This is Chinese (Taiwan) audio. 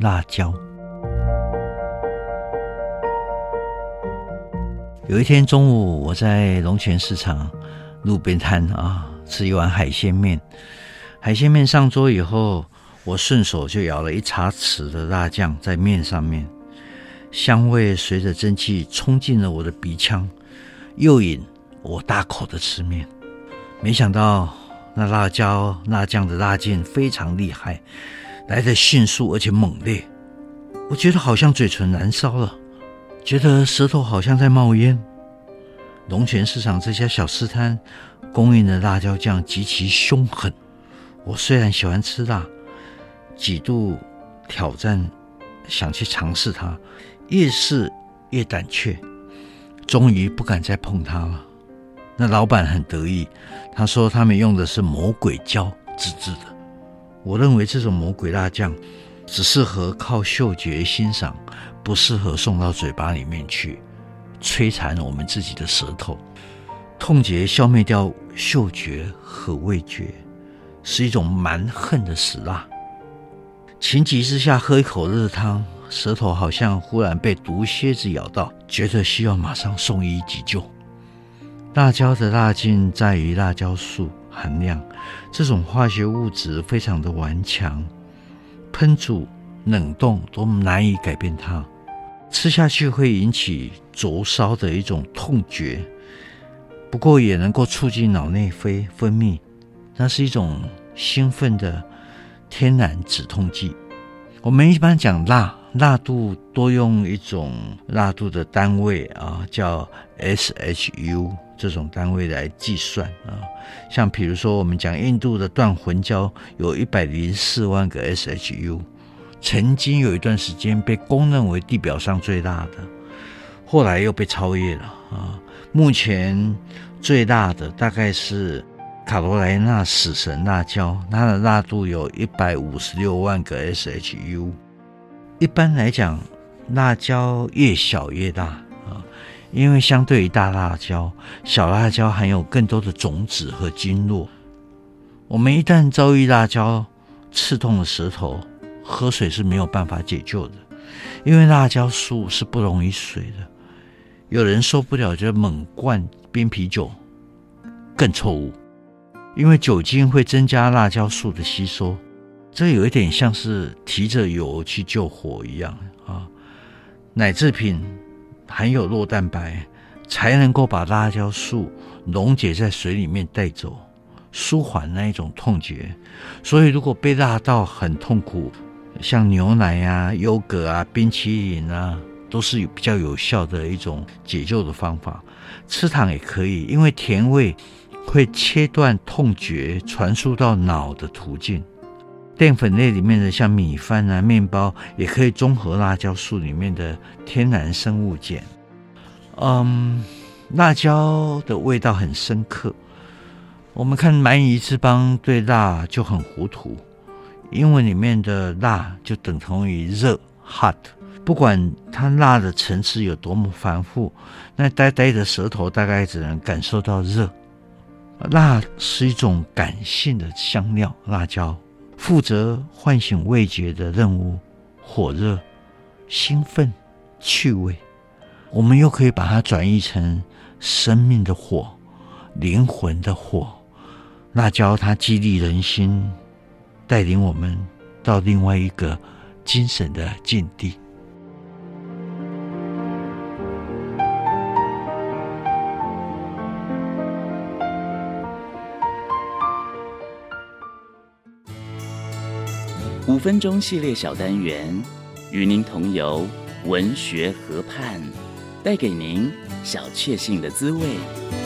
辣椒。有一天中午，我在龍泉市場路邊攤啊吃一碗海鮮麵，海鮮麵上桌以後，我順手就舀了一茶匙的辣醬在麵上面，香味隨着蒸汽衝進了我的鼻腔，誘引我大口的吃麵。沒想到那辣椒辣醬的辣勁非常厲害。來得迅速而且猛烈，我覺得好像嘴唇燃燒了，覺得舌頭好像在冒煙。龍泉市場這家小吃攤供應的辣椒醬極其凶狠，我雖然喜歡吃辣，幾度挑戰想去嘗試它，越試越膽怯，終於不敢再碰它了。那老闆很得意，他說他們用的是魔鬼椒自製的。我認為這種魔鬼辣醬，只適合靠嗅覺欣賞，不適合送到嘴巴裡面去，摧殘我們自己的舌頭，痛覺消滅掉嗅覺和味覺，是一種蠻橫的死辣。情急之下喝一口熱湯，舌頭好像忽然被毒蠍子咬到，覺得需要馬上送醫急救。辣椒的辣勁在於辣椒素。含量，這種化學物質非常的頑強，烹煮、冷凍都難以改變它。吃下去會引起灼燒的一種痛覺，不過也能夠促進腦內啡分泌，那是一種興奮的天然止痛劑。我們一般講辣，辣度多用一種辣度的單位啊，叫 SHU。這種單位來計算啊，像比如說我們講印度的斷魂椒有一百零四萬個 SHU，曾經有一段時間被公認為地表上最辣的，後來又被超越了啊。目前最辣的大概是卡羅萊納死神辣椒，它的辣度有一百五十六萬個 SHU。一般來講，辣椒越小越辣。因為相對於大辣椒，小辣椒含有更多的種子和筋絡。我們一旦遭遇辣椒刺痛了舌頭，喝水是沒有辦法解救的，因為辣椒素是不溶於水的。有人受不了，就猛灌冰啤酒，更錯誤，因為酒精會增加辣椒素的吸收。這有一點像是提着油去救火一樣啊！奶製品。含有酪蛋白，才能夠把辣椒素溶解在水裡面帶走，舒緩那一種痛覺。所以，如果被辣到很痛苦，像牛奶呀、啊、優格啊、冰淇淋啊，都是有比較有效的一種解救的方法。吃糖也可以，因為甜味會切斷痛覺傳輸到腦的途徑。澱粉類裡面的像米飯啊、麵包也可以中和辣椒素裡面的天然生物鹼。嗯、um，辣椒的味道很深刻。我們看蠻夷之邦對辣就很糊塗，因為裡面的辣就等同於熱 （hot）。不管它辣的層次有多麼繁複，那呆呆的舌頭大概只能感受到熱。辣是一種感性的香料，辣椒。負責喚醒味覺的任務，火熱、興奮、趣味，我們又可以把它轉喻成生命的火、靈魂的火。辣椒它激勵人心，帶領我們到另外一個精神的境地。五分鐘系列小單元，與您同遊文學河畔，帶給您小確幸的滋味。